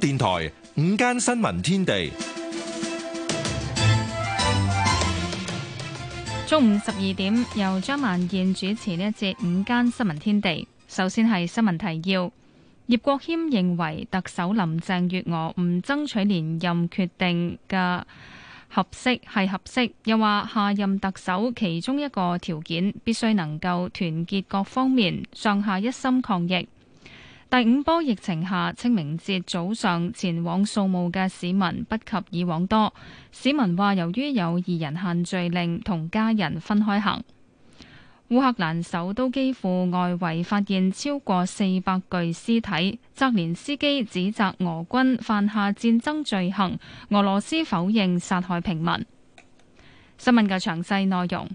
電台午間新聞天地，中午十二點由張曼燕主持呢一節午間新聞天地。首先係新聞提要，葉國謙認為特首林鄭月娥唔爭取連任決定嘅合適係合適，又話下任特首其中一個條件必須能夠團結各方面，上下一心抗疫。第五波疫情下，清明節早上前往掃墓嘅市民不及以往多。市民話，由於有二人限聚令，同家人分開行。烏克蘭首都基輔外圍發現超過四百具屍體，澤連斯基指責俄軍犯下戰爭罪行，俄羅斯否認殺害平民。新聞嘅詳細內容。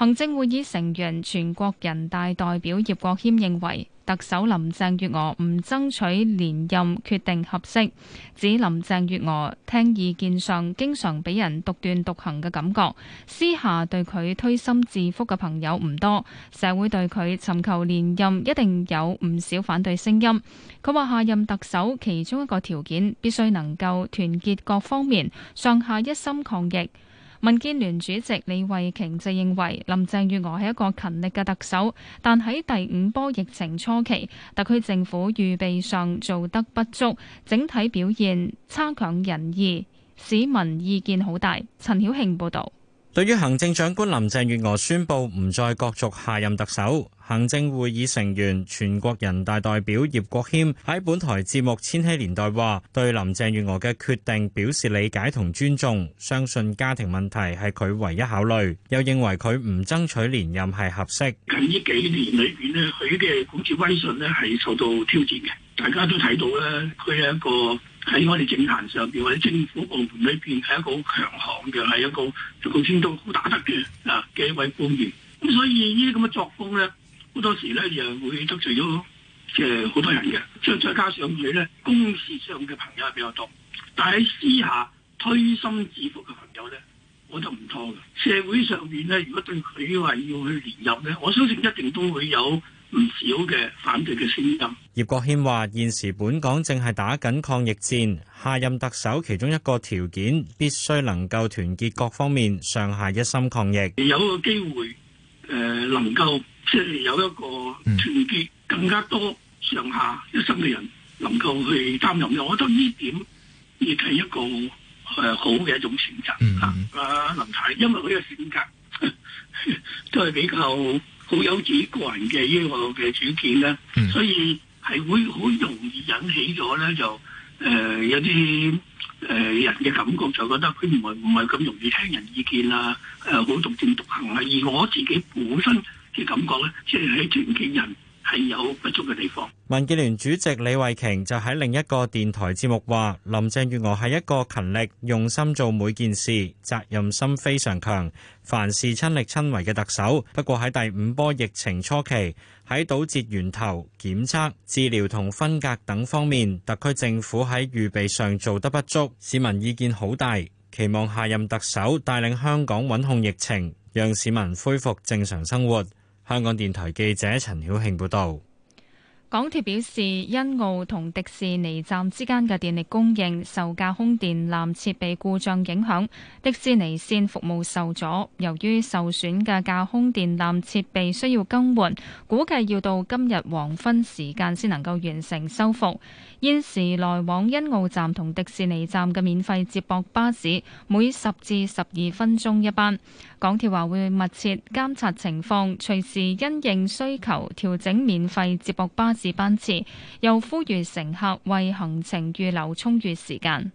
行政會議成員、全國人大代表葉國謙認為，特首林鄭月娥唔爭取連任決定合適，指林鄭月娥聽意見上經常俾人獨斷獨行嘅感覺，私下對佢推心置腹嘅朋友唔多，社會對佢尋求連任一定有唔少反對聲音。佢話，下任特首其中一個條件必須能夠團結各方面，上下一心抗疫。民建聯主席李慧瓊就認為，林鄭月娥係一個勤力嘅特首，但喺第五波疫情初期，特區政府預備上做得不足，整體表現差強人意，市民意見好大。陳曉慶報道。對於行政長官林鄭月娥宣布唔再角逐下任特首，行政會議成員全國人大代表葉國謙，喺本台節目千禧年代話，對林鄭月娥嘅決定，表示理解同尊重，相信家庭問題係佢唯一考慮，又認為佢唔爭取連任係合適，近呢幾年裏面，佢嘅管治威信係受到挑戰嘅，大家都睇到，佢係一個喺我哋政壇上邊或者政府部門裏邊，係一個好強悍嘅，係一個足夠精都好打得嘅啊嘅一位官員。咁所以呢啲咁嘅作風咧，好多時咧又會得罪咗即係好多人嘅。再再加上佢咧，公事上嘅朋友係比較多，但係私下推心置腹嘅朋友咧，我覺得唔多嘅。社會上邊咧，如果對佢話要去連任咧，我相信一定都會有。唔少嘅反對嘅聲音。葉國謙話，現時本港正係打緊抗疫戰，下任特首其中一個條件必須能夠團結各方面，上下一心抗疫。有個機會，誒能夠即係有一個團結，更加多上下一心嘅人能夠去擔任。我覺得呢點亦係一個誒好嘅一種選擇嚇。啊，林太，因為佢嘅性格都係比較。好有自己個人嘅呢個嘅主見咧，所以係會好容易引起咗咧就誒、呃、有啲誒人嘅感覺，就覺得佢唔係唔係咁容易聽人意見啊，誒好獨斷獨行啊。而我自己本身嘅感覺咧，即係喺團結人。係有不足嘅地方。民建聯主席李慧瓊就喺另一個電台節目話：林鄭月娥係一個勤力、用心做每件事、責任心非常強，凡事親力親為嘅特首。不過喺第五波疫情初期，喺堵截源頭、檢測、治療同分隔等方面，特區政府喺預備上做得不足，市民意見好大，期望下任特首帶領香港穩控疫情，讓市民恢復正常生活。香港電台記者陳曉慶報道，港鐵表示，欣澳同迪士尼站之間嘅電力供應受架空電纜設備故障影響，迪士尼線服務受阻。由於受損嘅架空電纜設備需要更換，估計要到今日黃昏時間先能夠完成修復。現時來往欣澳站同迪士尼站嘅免費接駁巴士，每十至十二分鐘一班。港鐵話會密切監察情況，隨時因應需求調整免費接駁巴士班次，又呼籲乘客為行程預留充裕時間。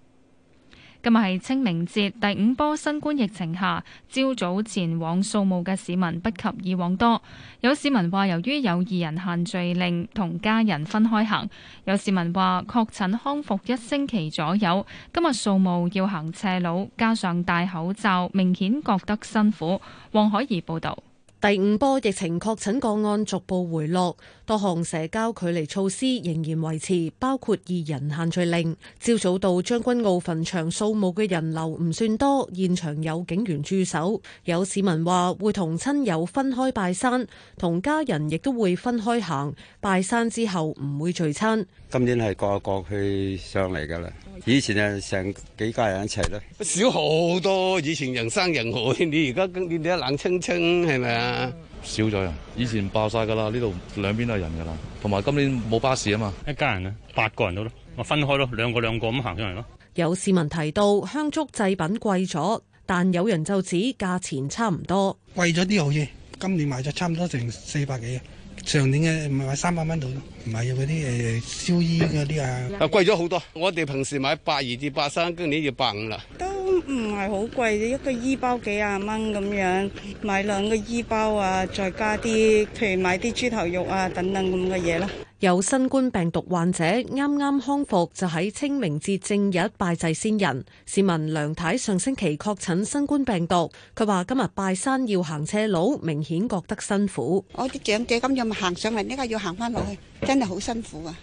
今日係清明節第五波新冠疫情下，朝早前往掃墓嘅市民不及以往多。有市民話，由於有二人限聚令，同家人分開行。有市民話，確診康復一星期左右，今日掃墓要行斜路，加上戴口罩，明顯覺得辛苦。黃海怡報道。第五波疫情確診個案逐步回落，多項社交距離措施仍然維持，包括二人限聚令。朝早到將軍澳墳場掃墓嘅人流唔算多，現場有警員駐守。有市民話會同親友分開拜山，同家人亦都會分開行。拜山之後唔會聚餐。今年係個個去上嚟㗎喇。以前啊，成幾家人一齊咯，少好多。以前人山人海，你而家今年你一冷清清係咪啊？少咗人，以前爆晒噶啦，呢度兩邊都係人噶啦。同埋今年冇巴士啊嘛，一家人啊，八個人到咯，咪分開咯，兩個兩個咁行出嚟咯。有市民提到香燭製品貴咗，但有人就指價錢差唔多。貴咗啲好嘢。今年買咗差唔多成四百幾啊。上年嘅唔係三百蚊度，唔係有嗰啲誒燒衣嗰啲啊。啊貴咗好多。我哋平時買百二至百三，今年要百五啦。都唔係好貴嘅，一個衣包幾十蚊咁樣，買兩個衣包啊，再加啲，譬如買啲豬頭肉啊等等咁嘅嘢啦。有新冠病毒患者啱啱康復就喺清明節正日拜祭先人。市民梁太上星期確診新冠病毒，佢話今日拜山要行斜路，明顯覺得辛苦。我啲長者咁樣行上嚟，依家要行翻落去，真係好辛苦啊！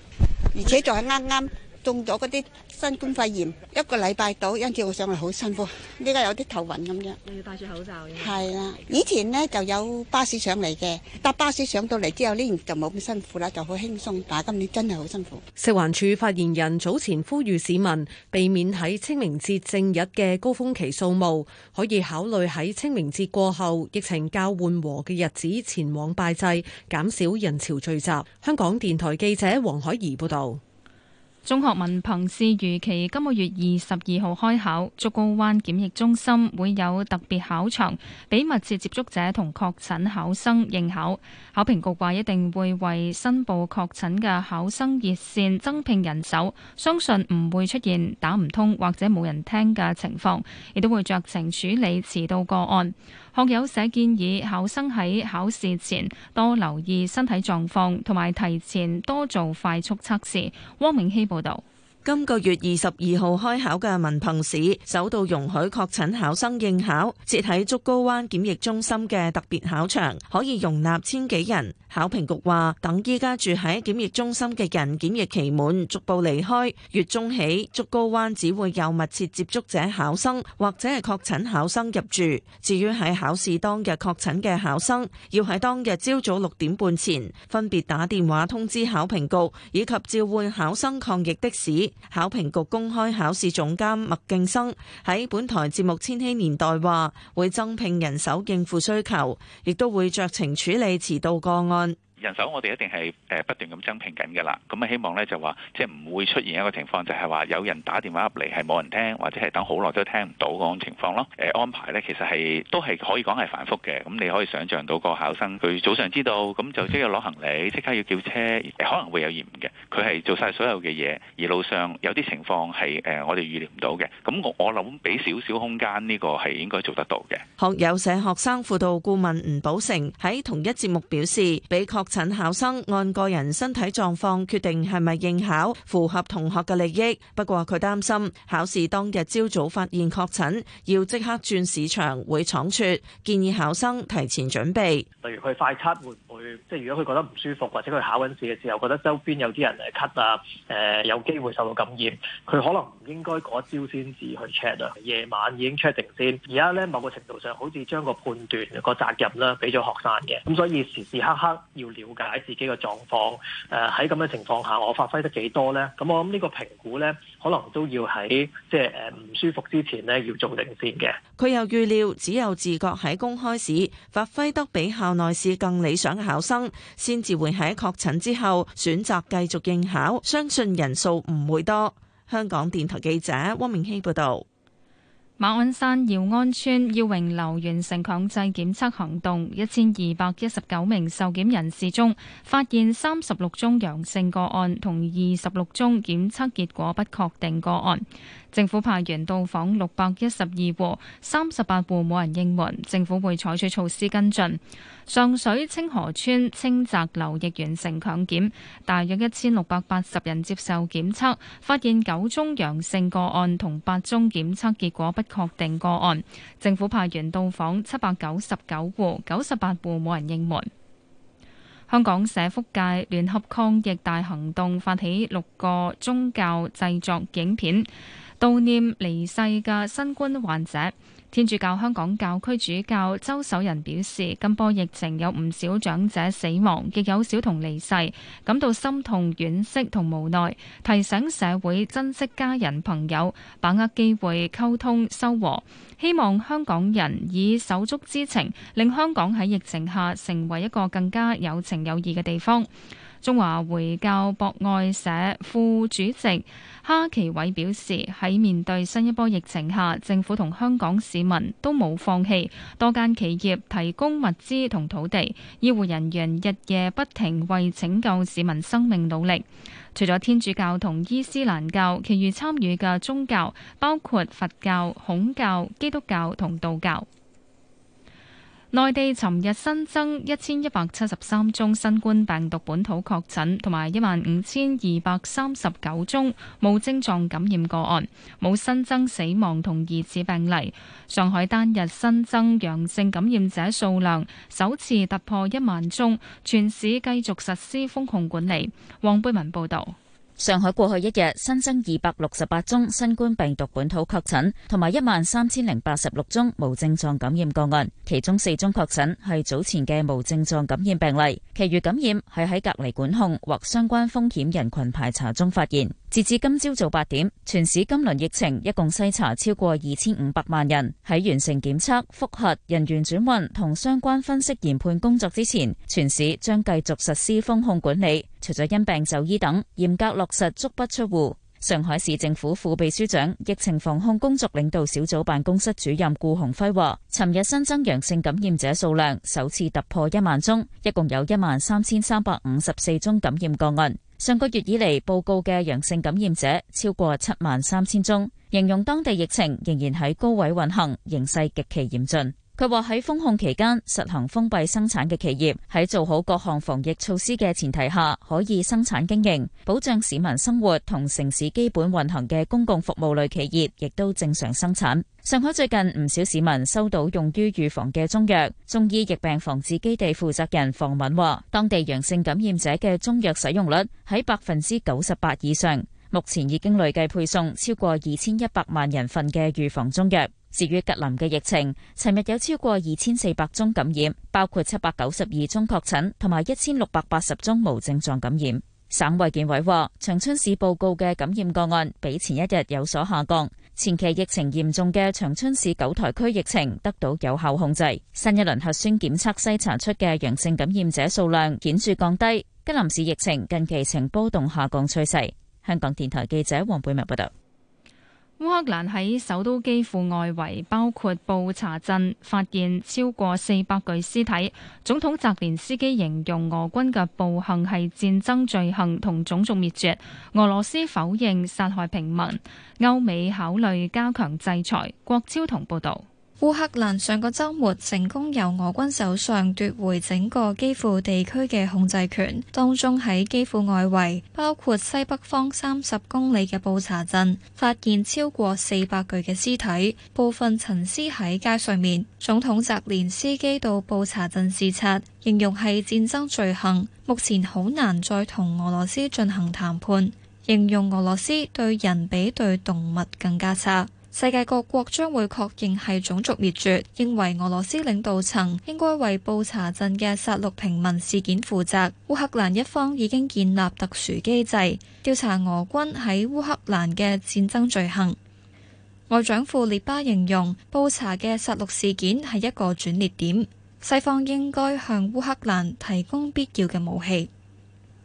而且仲係啱啱。中咗嗰啲新冠肺炎一個禮拜到，因此我上嚟好辛苦。依家有啲頭暈咁樣。你要戴住口罩嘅。係啦，以前呢就有巴士上嚟嘅，搭巴士上到嚟之後呢，就冇咁辛苦啦，就好輕鬆。但係今年真係好辛苦。食環署發言人早前呼籲市民避免喺清明節正日嘅高峰期掃墓，可以考慮喺清明節過後疫情較緩和嘅日子前往拜祭，減少人潮聚集。香港電台記者黃海怡報導。中學文憑試預期今個月二十二號開考，竹篙灣檢疫中心會有特別考場，俾密切接觸者同確診考生應考。考評局話一定會為申報確診嘅考生熱線增聘人手，相信唔會出現打唔通或者冇人聽嘅情況，亦都會酌情處理遲到個案。學友社建議考生喺考試前多留意身體狀況，同埋提前多做快速測試。汪明希報道。今個月二十二號開考嘅文憑試，首度容許確診考生應考，設喺竹篙灣檢疫中心嘅特別考場，可以容納千幾人。考評局話，等依家住喺檢疫中心嘅人檢疫期滿，逐步離開。月中起，竹篙灣只會有密切接觸者考生或者係確診考生入住。至於喺考試當日確診嘅考生，要喺當日朝早六點半前分別打電話通知考評局，以及召喚考生抗疫的士。考評局公開考試總監麥敬生喺本台節目《千禧年代》話，會增聘人手應付需求，亦都會酌情處理遲到個案。.人手我哋一定係誒不斷咁增聘緊嘅啦，咁啊希望咧就話即係唔會出現一個情況就係話有人打電話入嚟係冇人聽或者係等好耐都聽唔到嗰種情況咯。誒安排咧其實係都係可以講係反覆嘅，咁你可以想象到個考生佢早上知道，咁就即刻攞行李，即刻要叫車，可能會有延誤嘅。佢係做晒所有嘅嘢，而路上有啲情況係誒我哋預料唔到嘅。咁我我諗俾少少空間呢個係應該做得到嘅。學友社學生輔導顧問吳寶城喺同一節目表示，俾確。診考生按個人身體狀況決定係咪應考，符合同學嘅利益。不過佢擔心考試當日朝早發現確診，要即刻轉市場會倉促，建議考生提前準備。例如佢快測會唔會，即係如果佢覺得唔舒服，或者佢考緊試嘅時候，覺得周邊有啲人嚟咳啊，誒、呃，有機會受到感染，佢可能唔應該嗰朝先至去 check 啊。夜晚已經 check 定先。而家呢某個程度上，好似將個判斷個責任咧俾咗學生嘅，咁所以時時刻刻要了解自己嘅狀況，誒，喺咁嘅情況下，我發揮得幾多呢？咁我諗呢個評估呢，可能都要喺即係誒唔舒服之前呢，要做定先嘅。佢又預料，只有自覺喺公開試，發揮得比校內試更理想嘅考生，先至會喺確診之後選擇繼續應考，相信人數唔會多。香港電台記者汪明熙報道。馬鞍山耀安村耀榮樓完成強制檢測行動，一千二百一十九名受檢人士中，發現三十六宗陽性個案，同二十六宗檢測結果不確定個案。政府派員到訪六百一十二戶、三十八戶冇人應門，政府會採取措施跟進。上水清河村清澤樓亦完成強檢，大約一千六百八十人接受檢測，發現九宗陽性個案同八宗檢測結果不確定個案。政府派員到訪七百九十九戶、九十八戶冇人應門。香港社福界聯合抗疫大行動發起六個宗教製作影片。悼念離世嘅新冠患者，天主教香港教區主教周守仁表示：今波疫情有唔少長者死亡，亦有小童離世，感到心痛惋惜同無奈，提醒社會珍惜家人朋友，把握機會溝通修和。希望香港人以手足之情，令香港喺疫情下成為一個更加有情有義嘅地方。中華回教博愛社副主席，哈奇偉表示，喺面對新一波疫情下，政府同香港市民都冇放棄，多間企業提供物資同土地，醫護人員日夜不停為拯救市民生命努力。除咗天主教同伊斯蘭教，其餘參與嘅宗教包括佛教、孔教、基督教同道教。內地尋日新增一千一百七十三宗新冠病毒本土確診，同埋一萬五千二百三十九宗無症狀感染個案，冇新增死亡同疑似病例。上海單日新增陽性感染者數量首次突破一萬宗，全市繼續實施封控管理。黃貝文報導。上海過去一日新增二百六十八宗新冠病毒本土確診，同埋一萬三千零八十六宗無症狀感染個案，其中四宗確診係早前嘅無症狀感染病例，其餘感染係喺隔離管控或相關風險人群排查中發現。截至今朝早八點，全市今輪疫情一共篩查超過二千五百萬人。喺完成檢測、複核、人員轉運同相關分析研判工作之前，全市將繼續實施封控管理。除咗因病就醫等，嚴格落實足不出戶。上海市政府副秘書長疫情防控工作領導小組辦公室主任顧洪輝話，尋日新增陽性感染者數量首次突破一萬宗，一共有一萬三千三百五十四宗感染個案。上個月以嚟報告嘅陽性感染者超過七萬三千宗。形容當地疫情仍然喺高位運行，形勢極其嚴峻。佢話喺封控期間實行封閉生產嘅企業喺做好各項防疫措施嘅前提下，可以生產經營，保障市民生活同城市基本運行嘅公共服務類企業亦都正常生產。上海最近唔少市民收到用於預防嘅中藥，中醫疫病防治基地負責人房敏話，當地陽性感染者嘅中藥使用率喺百分之九十八以上，目前已經累計配送超過二千一百萬人份嘅預防中藥。至於吉林嘅疫情，尋日有超過二千四百宗感染，包括七百九十二宗確診同埋一千六百八十宗無症狀感染。省衛健委話，長春市報告嘅感染個案比前一日有所下降，前期疫情嚴重嘅長春市九台區疫情得到有效控制。新一輪核酸檢測篩查出嘅陽性感染者數量顯著降低，吉林市疫情近期呈波動下降趨勢。香港電台記者黃貝文報道。烏克蘭喺首都基輔外圍，包括布查鎮，發現超過四百具屍體。總統澤連斯基形容俄軍嘅暴行係戰爭罪行同種族滅絕。俄羅斯否認殺害平民。歐美考慮加強制裁。郭超同報導。烏克蘭上個周末成功由俄軍手上奪回整個基輔地區嘅控制權，當中喺基輔外圍，包括西北方三十公里嘅布查鎮，發現超過四百具嘅屍體，部分陳屍喺街上面。總統澤連斯基到布查鎮視察，形容係戰爭罪行，目前好難再同俄羅斯進行談判，形容俄羅斯對人比對動物更加差。世界各國將會確認係種族滅絕，認為俄羅斯領導層應該為布查鎮嘅殺戮平民事件負責。烏克蘭一方已經建立特殊機制調查俄軍喺烏克蘭嘅戰爭罪行。外長庫列巴形容布查嘅殺戮事件係一個轉捩點，西方應該向烏克蘭提供必要嘅武器。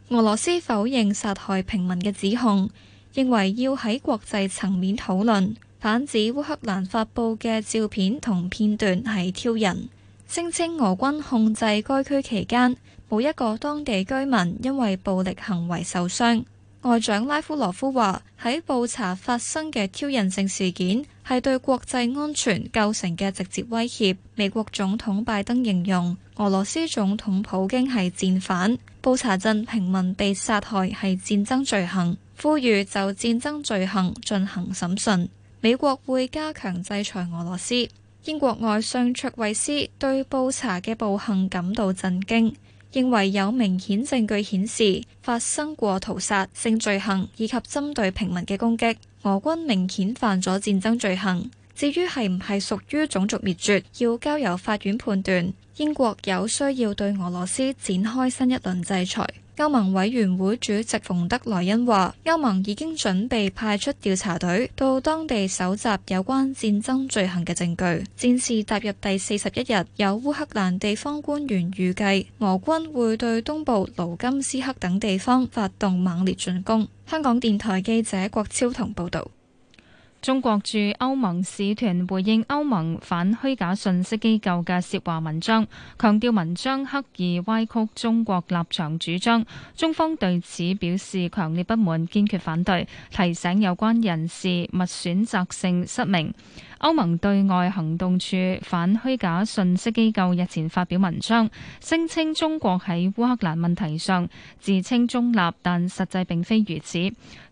俄羅斯否認殺害平民嘅指控，認為要喺國際層面討論。反指烏克蘭發布嘅照片同片段係挑釁，聲稱俄軍控制該區期間，冇一個當地居民因為暴力行為受傷。外長拉夫羅夫話：喺布查發生嘅挑釁性事件係對國際安全構成嘅直接威脅。美國總統拜登形容俄羅斯總統普京係戰犯，布查鎮平民被殺害係戰爭罪行，呼籲就戰爭罪行進行審訊。美國會加強制裁俄羅斯。英國外相卓維斯對布查嘅暴行感到震驚，認為有明顯證據顯示發生過屠殺性罪行以及針對平民嘅攻擊。俄軍明顯犯咗戰爭罪行。至於係唔係屬於種族滅絕，要交由法院判斷。英國有需要對俄羅斯展開新一輪制裁。歐盟委員會主席馮德萊恩話：歐盟已經準備派出調查隊到當地搜集有關戰爭罪行嘅證據。戰事踏入第四十一日，有烏克蘭地方官員預計俄軍會對東部盧甘斯克等地方發動猛烈進攻。香港電台記者郭超同報導。中國駐歐盟使團回應歐盟反虛假信息機構嘅涉華文章，強調文章刻意歪曲中國立場主張，中方對此表示強烈不滿，堅決反對，提醒有關人士勿選擇性失明。歐盟對外行動處反虛假信息機構日前發表文章，聲稱中國喺烏克蘭問題上自稱中立，但實際並非如此。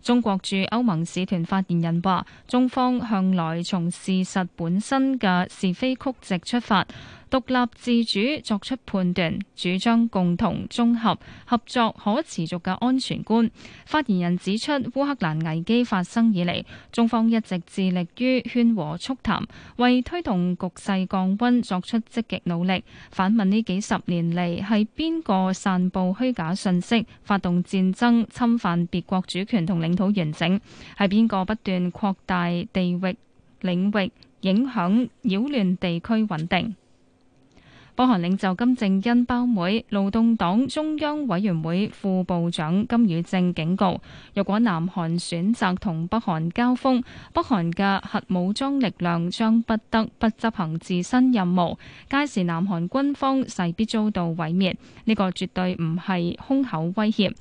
中國駐歐盟使團發言人話：中方向來從事實本身嘅是非曲直出發。獨立自主作出判斷，主張共同、綜合、合作、可持續嘅安全觀。發言人指出，烏克蘭危機發生以嚟，中方一直致力於勸和促談，為推動局勢降温作出積極努力。反問呢幾十年嚟係邊個散布虛假訊息，發動戰爭，侵犯別國主權同領土完整？係邊個不斷擴大地域領域，影響擾亂地區穩定？北韓領袖金正恩胞妹、勞動黨中央委員會副部長金宇正警告：若果南韓選擇同北韓交鋒，北韓嘅核武裝力量將不得不執行自身任務，屆時南韓軍方勢必遭到毀滅。呢、這個絕對唔係空口威脅。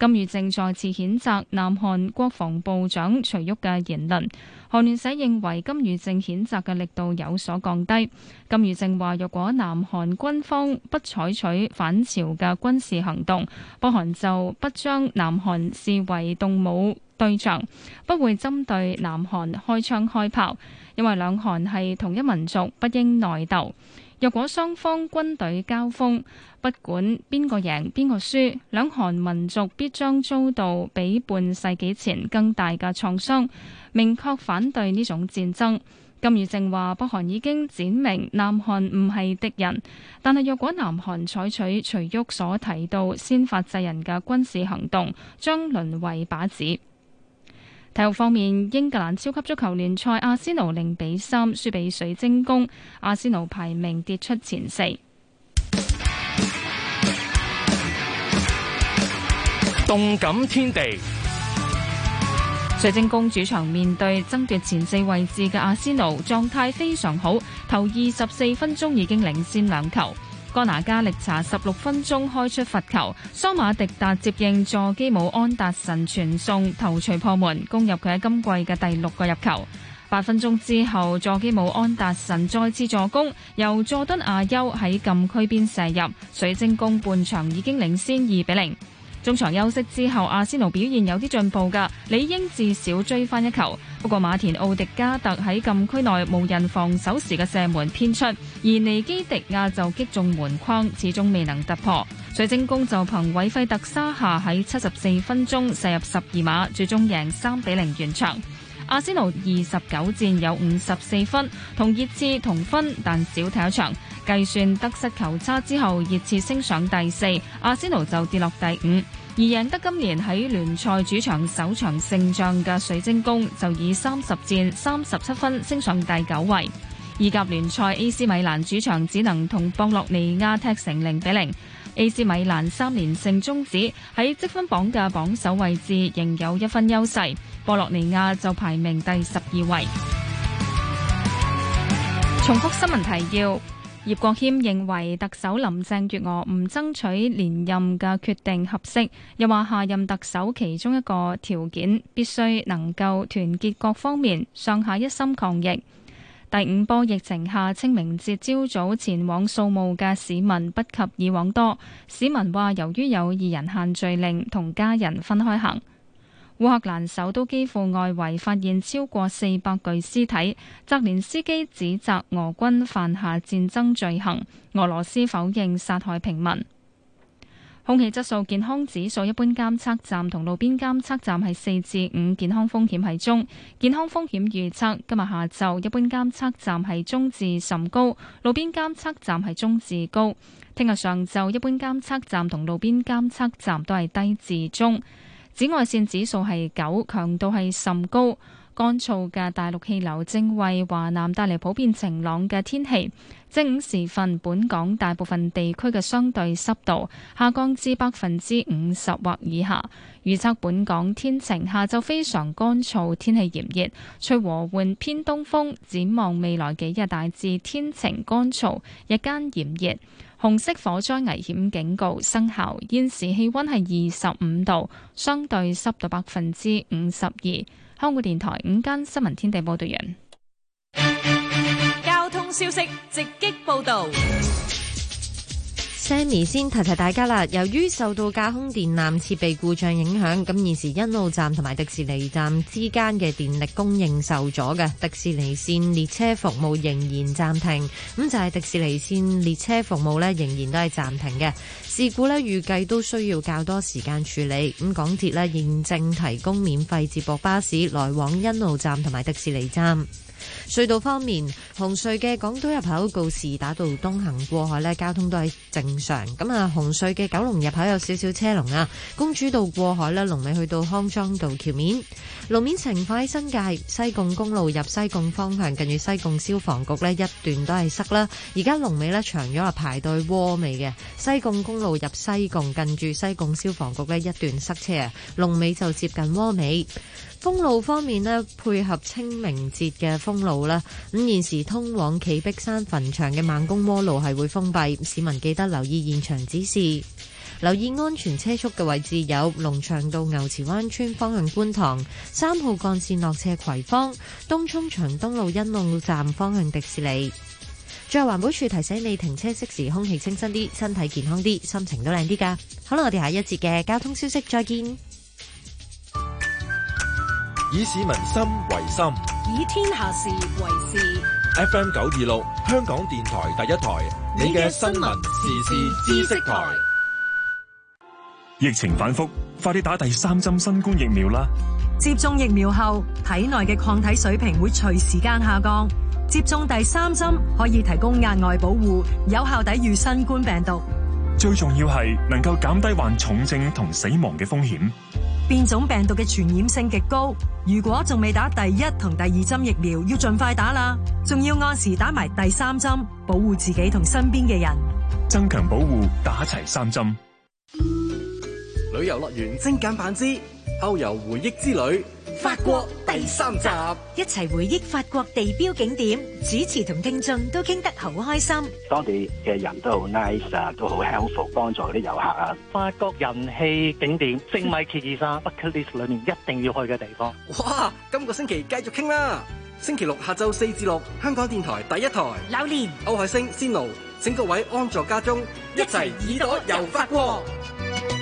金宇正再次譴責南韓國防部長徐旭嘅言論。韓聯社認為金與正譴責嘅力度有所降低。金與正話：若果南韓軍方不採取反朝嘅軍事行動，北韓就不將南韓視為動武對象，不會針對南韓開槍開炮，因為兩韓係同一民族，不應內鬥。若果雙方軍隊交鋒，不管邊個贏邊個輸，兩韓民族必將遭到比半世紀前更大嘅創傷。明確反對呢種戰爭。金與正話：北韓已經展明南韓唔係敵人，但係若果南韓採取徐旭所提到先發制人嘅軍事行動，將淪為靶子。體育方面，英格蘭超級足球聯賽，阿仙奴零比三輸俾水晶宮，阿仙奴排名跌出前四。動感天地，水晶宮主場面對爭奪前四位置嘅阿仙奴，狀態非常好，頭二十四分鐘已經領先兩球。干拿加力查十六分鐘開出罰球，桑馬迪達接應佐基姆安達臣傳送頭槌破門，攻入佢喺今季嘅第六個入球。八分鐘之後，佐基姆安達臣再次助攻，由佐敦亞優喺禁區邊射入，水晶宮半場已經領先二比零。中場休息之後，阿仙奴表現有啲進步噶，理應至少追翻一球。不過馬田奧迪加特喺禁區內無人防守時嘅射門偏出，而尼基迪亞就擊中門框，始終未能突破。水晶宮就憑韋費特沙夏喺七十四分鐘射入十二碼，最終贏三比零完場。阿仙奴二十九戰有五十四分，同熱刺同分，但少踢一場。計算得失球差之後，熱刺升上第四，阿仙奴就跌落第五。而贏得今年喺聯賽主場首場勝仗嘅水晶宮，就以三十戰三十七分升上第九位。意甲聯賽 AC 米蘭主場只能同博洛尼亞踢成零比零，AC 米蘭三連勝終止，喺積分榜嘅榜首位置仍有一分優勢。博洛尼亞就排名第十二位。重複新聞提要。葉國謙認為特首林鄭月娥唔爭取連任嘅決定合適，又話下任特首其中一個條件必須能夠團結各方面，上下一心抗疫。第五波疫情下，清明節朝早前往掃墓嘅市民不及以往多。市民話，由於有二人限聚令，同家人分開行。烏克蘭首都基輔外圍發現超過四百具屍體。澤連斯基指責俄軍犯下戰爭罪行，俄羅斯否認殺害平民。空氣質素健康指數一般監測站同路邊監測站係四至五，健康風險係中。健康風險預測今日下晝一般監測站係中至甚高，路邊監測站係中至高。聽日上晝一般監測站同路邊監測站都係低至中。紫外線指數係九，強度係甚高。乾燥嘅大陸氣流正為華南帶嚟普遍晴朗嘅天氣。正午時分，本港大部分地區嘅相對濕度下降至百分之五十或以下。預測本港天晴，下晝非常乾燥，天氣炎熱，吹和緩偏東風。展望未來幾日，大致天晴乾燥，日間炎熱。紅色火災危險警告生效。現時氣溫係二十五度，相對濕度百分之五十二。香港電台午間新聞天地報道完。交通消息直擊報道。Sammy 先提提大家啦，由於受到架空電纜設備故障影響，咁現時欣澳站同埋迪士尼站之間嘅電力供應受阻嘅，迪士尼線列車服務仍然暫停。咁就係、是、迪士尼線列車服務咧，仍然都係暫停嘅。事故呢，預計都需要較多時間處理。咁、嗯、港鐵呢，現正提供免費接駁巴士來往欣澳站同埋迪士尼站。隧道方面，紅隧嘅港島入口告士打道東行過海呢，交通都係正常。咁、嗯、啊，紅隧嘅九龍入口有少少車龍啊。公主道過海呢，龍尾去到康莊道橋面。路面情況喺新界西貢公路入西貢方向，近住西貢消防局呢一段都係塞啦。而家龍尾呢，長咗啊，排隊窩尾嘅西貢公。路入西貢近住西貢消防局咧一段塞車，龍尾就接近窩尾。封路方面咧，配合清明節嘅封路啦，咁現時通往企碧山墳場嘅孟公窩路係會封閉，市民記得留意現場指示，留意安全車速嘅位置有龍翔道、牛池灣村方向觀塘、三號幹線落斜葵芳、東涌長東路、欣澳站方向迪士尼。在環保署提醒你停車適時，空氣清新啲，身體健康啲，心情都靚啲㗎。好啦，我哋下一節嘅交通消息再見。以市民心為心，以天下事為事。FM 九二六，香港電台第一台，你嘅新聞時事知識台。疫情反覆，快啲打第三針新冠疫苗啦！接種疫苗後，體內嘅抗體水平會隨時間下降。接種第三針可以提供額外保護，有效抵禦新冠病毒。最重要係能夠減低患重症同死亡嘅風險。變種病毒嘅傳染性極高，如果仲未打第一同第二針疫苗，要盡快打啦。仲要按時打埋第三針，保護自己同身邊嘅人。增強保護，打齊三針。旅遊樂園精簡版之歐遊回憶之旅。法國第三集，一齊回憶法國地標景點，主持同聽眾都傾得好開心。當地嘅人都好 nice 啊，都好 helpful，幫助嗰啲遊客啊。法國人氣景點，聖嗎米其利沙 bucket list 裏面一定要去嘅地方。哇，今個星期繼續傾啦，星期六下晝四至六，香港電台第一台。流年琳，歐海星、仙奴，請各位安坐家中，一齊耳朵遊法國。琉琉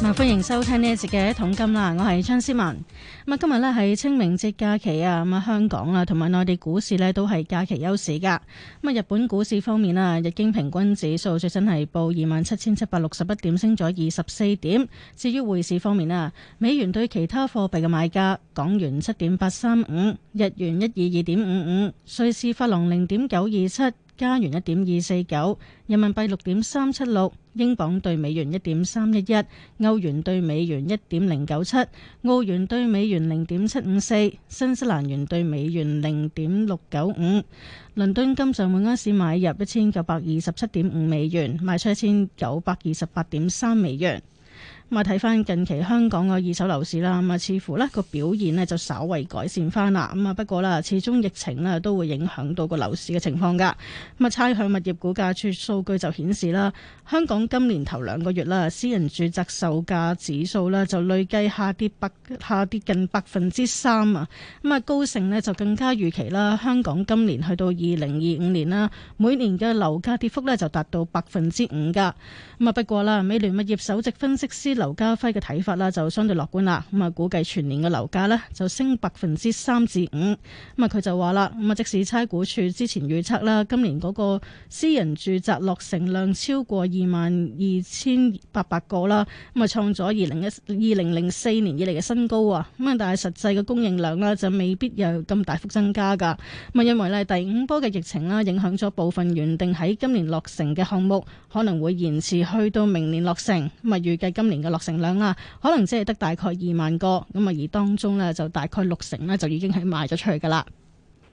咁歡迎收聽呢一節嘅《一桶金》啦，我係張思文。咁啊，今日咧，喺清明節假期啊，咁啊香港啊同埋內地股市呢都係假期休市噶。咁啊，日本股市方面啊，日經平均指數最新係報二萬七千七百六十一點，升咗二十四點。至於匯市方面啊，美元對其他貨幣嘅買價，港元七點八三五，日元一二二點五五，瑞士法郎零點九二七。加元一點二四九，9, 人民幣六點三七六，英鎊兌美元一點三一一，歐元兌美元一點零九七，澳元兌美元零點七五四，新西蘭元兌美元零點六九五。倫敦金上每安士買入一千九百二十七點五美元，賣出一千九百二十八點三美元。咁啊，睇翻近期香港嘅二手樓市啦，咁啊，似乎咧個表現咧就稍為改善翻啦。咁啊，不過啦，始終疫情咧都會影響到個樓市嘅情況噶。咁啊，差餉物業估價署數據就顯示啦，香港今年頭兩個月啦，私人住宅售價指數咧就累計下跌百下跌近百分之三啊。咁啊，高盛咧就更加預期啦，香港今年去到二零二五年啦，每年嘅樓價跌幅咧就達到百分之五噶。咁啊，不過啦，美聯物業首席分析師。劉家輝嘅睇法啦，就相對樂觀啦。咁、嗯、啊，估計全年嘅樓價咧就升百分之三至五。咁、嗯、啊，佢就話啦，咁、嗯、啊，即使差估署之前預測啦，今年嗰個私人住宅落成量超過二萬二千八百個啦，咁、嗯、啊，創咗二零一二零零四年以嚟嘅新高啊。咁、嗯、啊，但係實際嘅供應量啦，就未必有咁大幅增加噶。咁、嗯、啊，因為咧第五波嘅疫情啦，影響咗部分原定喺今年落成嘅項目，可能會延遲去到明年落成。咪預計今年嘅。落成量啊，可能只係得大概二萬個咁啊，而當中呢，就大概六成呢，就已經係賣咗出去噶啦。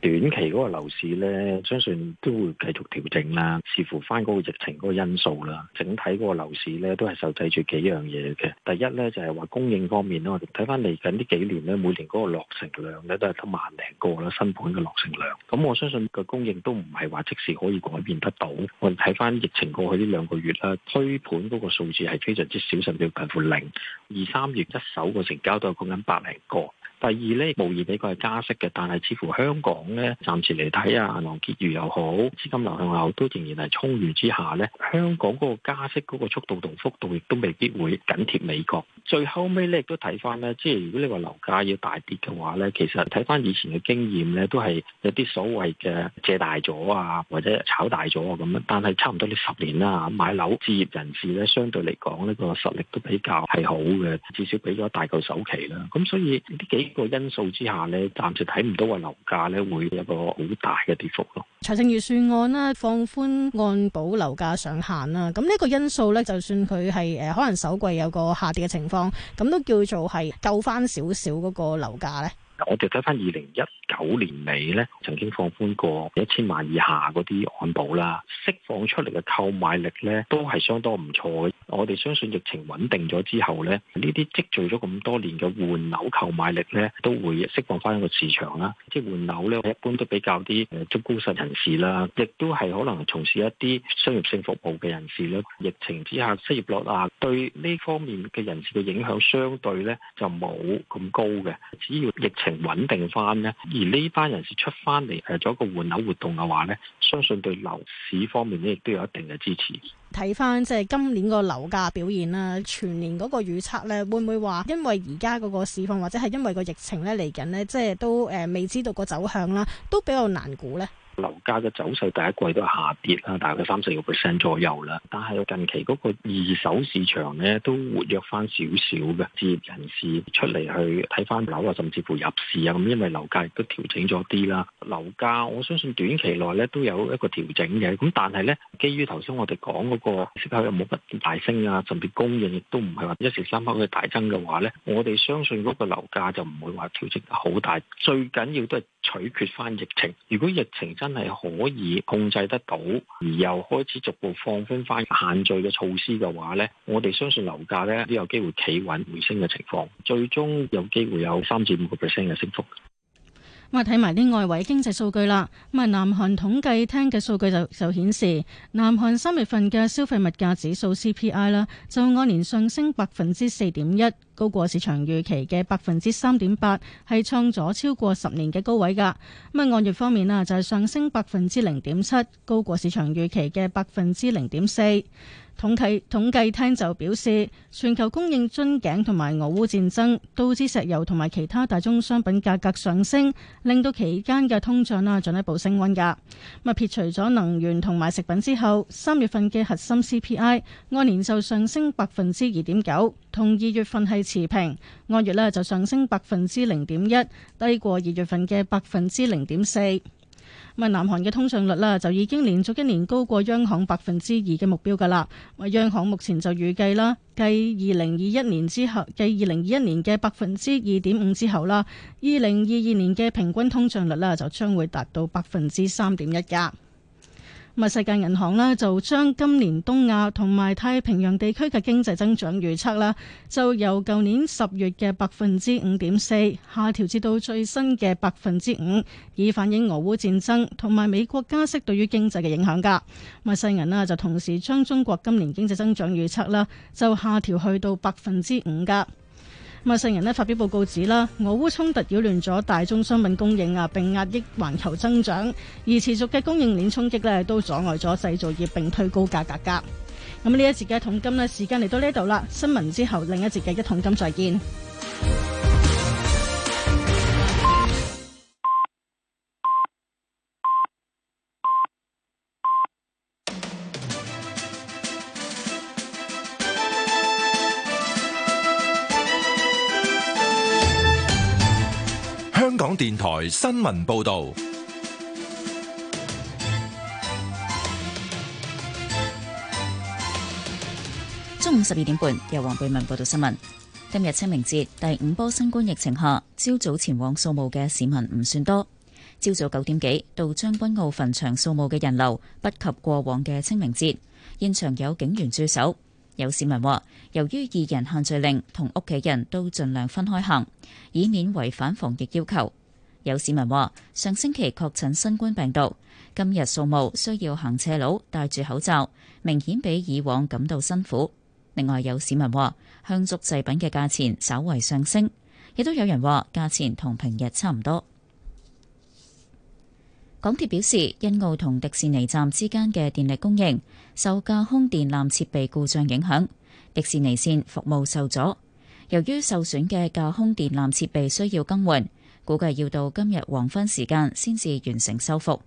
短期嗰個樓市咧，相信都會繼續調整啦。視乎翻嗰個疫情嗰個因素啦，整體嗰個樓市咧都係受制住幾樣嘢嘅。第一咧就係話供應方面啦，我哋睇翻嚟緊呢幾年咧，每年嗰個落成量咧都係得萬零個啦，新盤嘅落成量。咁我相信個供應都唔係話即時可以改變得到。我哋睇翻疫情過去呢兩個月啦，推盤嗰個數字係非常之少，甚至近乎零。二三月一手個成交都係講緊百零個。第二咧，無疑比佢係加息嘅，但係似乎香港咧暫時嚟睇啊，銀行結餘又好，資金流向又好，都仍然係充裕之下咧。香港嗰個加息嗰個速度同幅度，亦都未必會緊貼美國。最後尾咧，亦都睇翻咧，即係如果你話樓價要大跌嘅話咧，其實睇翻以前嘅經驗咧，都係有啲所謂嘅借大咗啊，或者炒大咗咁樣。但係差唔多呢十年啦，買樓置業人士咧，相對嚟講呢、這個實力都比較係好嘅，至少俾咗大嚿首期啦。咁所以呢幾個因素之下呢，暫時睇唔到個樓價咧會有一個好大嘅跌幅咯。財政預算案啦，放寬按保樓價上限啦，咁呢個因素呢，就算佢係誒可能首季有個下跌嘅情況，咁都叫做係救翻少少嗰個樓價呢。我哋睇翻二零一九年尾呢曾經放寬過一千萬以下嗰啲按保啦，釋放出嚟嘅購買力呢都係相當唔錯嘅。我哋相信疫情穩定咗之後呢，呢啲積聚咗咁多年嘅換樓購買力呢都會釋放翻一個市場啦。即係換樓呢，一般都比較啲誒高薪人士啦，亦都係可能從事一啲商業性服務嘅人士啦。疫情之下失業率啊，對呢方面嘅人士嘅影響相對呢就冇咁高嘅，只要疫情穩定翻呢，而呢班人士出翻嚟誒做一個換樓活動嘅話呢，相信對樓市方面呢亦都有一定嘅支持。睇翻即係今年個樓價表現啦，全年嗰個預測咧，會唔會話因為而家嗰個市況，或者係因為個疫情呢嚟緊呢，即係都誒未知道個走向啦，都比較難估呢？樓價嘅走勢第一季都係下跌啦，大概三四個 percent 左右啦。但係近期嗰個二手市場咧都活躍翻少少嘅，置業人士出嚟去睇翻樓啊，甚至乎入市啊咁，因為樓價亦都調整咗啲啦。樓價我相信短期內咧都有一個調整嘅，咁但係咧，基於頭先我哋講嗰個息口又冇乜大升啊，甚至供應亦都唔係話一時三刻去大增嘅話咧，我哋相信嗰個樓價就唔會話調整好大。最緊要都係取決翻疫情，如果疫情真，真係可以控制得到，而又開始逐步放寬翻限聚嘅措施嘅話咧，我哋相信樓價咧都有機會企穩回升嘅情況，最終有機會有三至五個 percent 嘅升幅。我睇埋啲外圍經濟數據啦。咁啊，南韓統計廳嘅數據就就顯示，南韓三月份嘅消費物價指數 CPI 啦，就按年上升百分之四點一，高過市場預期嘅百分之三點八，係創咗超過十年嘅高位噶。咁按月方面啊，就係上升百分之零點七，高過市場預期嘅百分之零點四。統計統計廳就表示，全球供應樽頸同埋俄烏戰爭導致石油同埋其他大宗商品價格上升，令到期間嘅通脹啊進一步升溫㗎。啊撇除咗能源同埋食品之後，三月份嘅核心 CPI 按年就上升百分之二點九，同二月份係持平，按月咧就上升百分之零點一，低過二月份嘅百分之零點四。咁南韓嘅通脹率啦，就已經連續一年高過央行百分之二嘅目標㗎喇。央行目前就預計啦，繼二零二一年之後，繼二零二一年嘅百分之二點五之後啦，二零二二年嘅平均通脹率啦，就將會達到百分之三點一㗎。咁世界銀行呢，就將今年東亞同埋太平洋地區嘅經濟增長預測啦，就由舊年十月嘅百分之五點四下調至到最新嘅百分之五，以反映俄烏戰爭同埋美國加息對於經濟嘅影響㗎。咁世人世銀啦就同時將中國今年經濟增長預測啦，就下調去到百分之五㗎。默笙人咧發表報告指啦，俄烏衝突擾亂咗大宗商品供應啊，並壓抑環球增長；而持續嘅供應鏈衝擊咧，都阻礙咗製造業並推高價格格。咁呢一節嘅一桶金咧，時間嚟到呢度啦。新聞之後，另一節嘅一桶金再見。電台新聞報道：中午十二點半，由黃貝文報道新聞。今日清明節第五波新冠疫情下，朝早前往掃墓嘅市民唔算多。朝早九點幾到將軍澳墳場掃墓嘅人流不及過往嘅清明節。現場有警員駐守，有市民話，由於二人限聚令，同屋企人都盡量分開行，以免違反防疫要求。有市民話：上星期確診新冠病毒，今日掃墓需要行斜路，戴住口罩，明顯比以往感到辛苦。另外有市民話：香燭製品嘅價錢稍為上升，亦都有人話價錢同平日差唔多。港鐵表示，欣澳同迪士尼站之間嘅電力供應受架空電纜設備故障影響，迪士尼線服務受阻，由於受損嘅架空電纜設備需要更換。估計要到今日黃昏時間先至完成修復。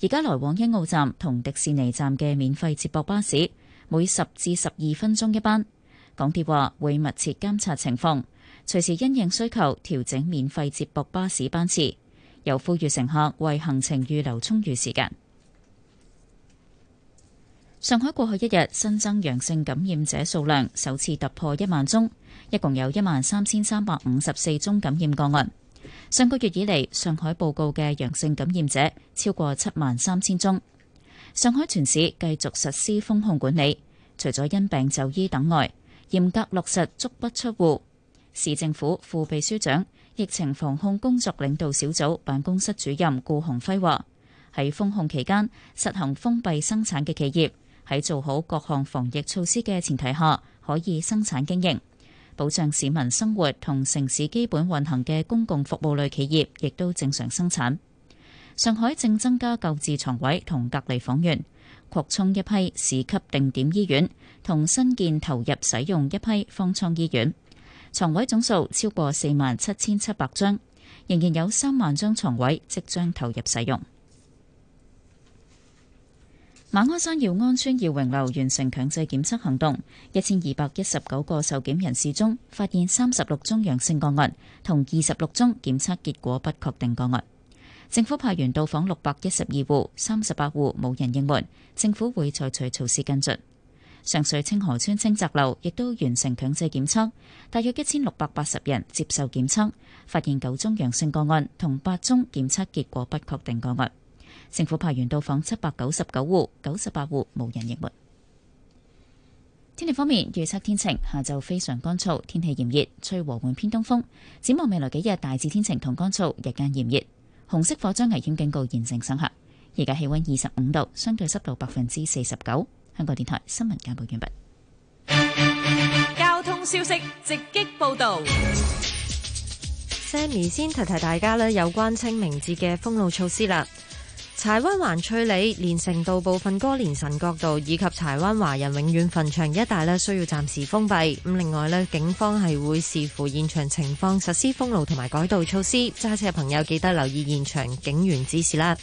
而家來往欣澳站同迪士尼站嘅免費接駁巴士，每十至十二分鐘一班。港鐵話會密切監察情況，隨時因應需求調整免費接駁巴士班次。又呼籲乘客為行程預留充裕時間。上海過去一日新增陽性感染者數量首次突破一萬宗，一共有一萬三千三百五十四宗感染個案。上個月以嚟，上海報告嘅陽性感染者超過七萬三千宗。上海全市繼續實施封控管理，除咗因病就醫等外，嚴格落實足不出戶。市政府副秘書長、疫情防控工作領導小組辦公室主任顧洪輝話：喺封控期間，實行封閉生產嘅企業喺做好各項防疫措施嘅前提下，可以生產經營。保障市民生活同城市基本運行嘅公共服務類企業亦都正常生產。上海正增加救治床位同隔離房源，擴充一批市級定點醫院，同新建投入使用一批方艙醫院，床位總數超過四萬七千七百張，仍然有三萬張床位即將投入使用。馬鞍山耀安村耀榮樓完成強制檢測行動，一千二百一十九個受檢人士中，發現三十六宗陽性個案，同二十六宗檢測結果不確定個案。政府派員到訪六百一十二戶，三十八戶冇人應門，政府會採取措施跟進。上水清河村清澤樓亦都完成強制檢測，大約一千六百八十人接受檢測，發現九宗陽性個案，同八宗檢測結果不確定個案。政府派員到訪七百九十九戶，九十八戶無人應門。天氣方面預測天晴，下晝非常乾燥，天氣炎熱，吹和緩偏東風。展望未來幾日，大致天晴同乾燥，日間炎熱。紅色火災危險警告現正生效。而家氣溫二十五度，相對濕度百分之四十九。香港電台新聞簡報完畢。交通消息直擊報道。Sammy 先提提大家呢，有關清明節嘅封路措施啦。柴灣環翠里連城道部分、歌連臣角道以及柴灣華人永遠墳場一帶咧，需要暫時封閉。咁另外咧，警方係會視乎現場情況實施封路同埋改道措施。揸車嘅朋友記得留意現場警員指示啦。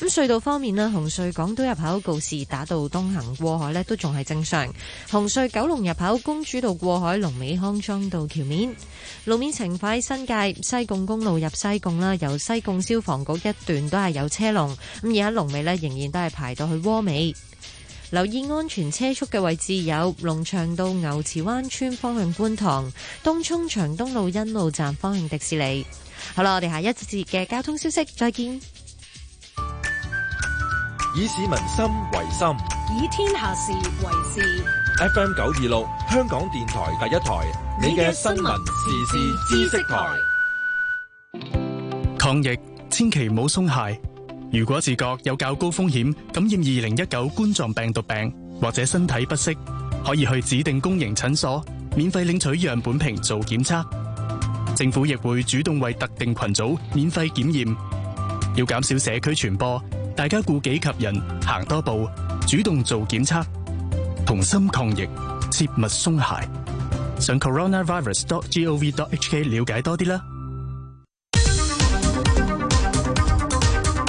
咁隧道方面咧，紅隧港島入口告示打道東行過海咧，都仲係正常。紅隧九龍入口公主道過海、龍尾康莊道橋面路面情況喺新界西貢公路入西貢啦，由西貢消防局一段都係有車龍。咁而家龍尾咧，仍然都係排到去窩尾。留意安全車速嘅位置有龍翔道牛池灣村方向觀塘東涌長東路欣路站方向迪士尼。好啦，我哋下一節嘅交通消息，再見。以市民心為心，以天下事為事。F M 九二六，香港電台第一台，你嘅新聞時事知識台。抗疫，千祈唔好鬆懈。如果自覺有較高風險感染二零一九冠狀病毒病，或者身體不適，可以去指定公營診所免費領取樣本瓶做檢測。政府亦會主動為特定群組免費檢驗。要減少社區傳播，大家顧己及人，行多步，主動做檢測，同心抗疫，切勿鬆懈。上 coronavirus.gov.hk 了解多啲啦。